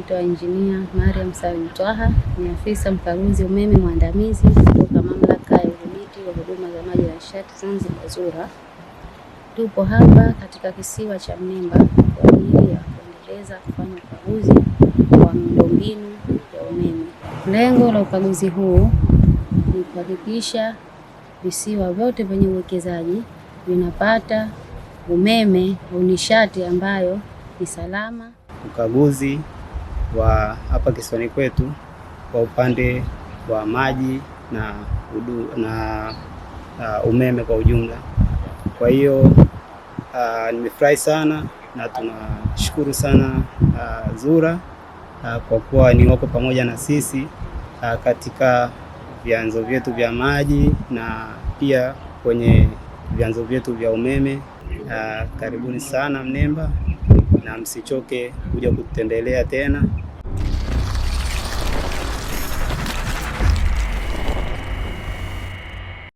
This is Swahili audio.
Naitwa Engineer Mariam Salim Twaha, ni afisa mkaguzi umeme mwandamizi kutoka Mamlaka ya Udhibiti wa Huduma za Maji na Nishati Zanzibar, ZURA. Tupo hapa katika kisiwa cha Mnemba kwa ajili ya kuendeleza kufanya ukaguzi wa miundombinu ya umeme. Lengo la ukaguzi huu ni kuhakikisha visiwa vyote vyenye uwekezaji vinapata umeme au nishati ambayo ni salama. Ukaguzi wa hapa kisiwani kwetu kwa upande wa maji na, udu, na uh, umeme kwa ujumla. Kwa hiyo uh, nimefurahi sana na tunashukuru sana uh, ZURA uh, kwa kuwa ni wako pamoja na sisi uh, katika vyanzo vyetu vya maji na pia kwenye vyanzo vyetu vya umeme. Uh, karibuni sana Mnemba na msichoke kuja kututembelea tena.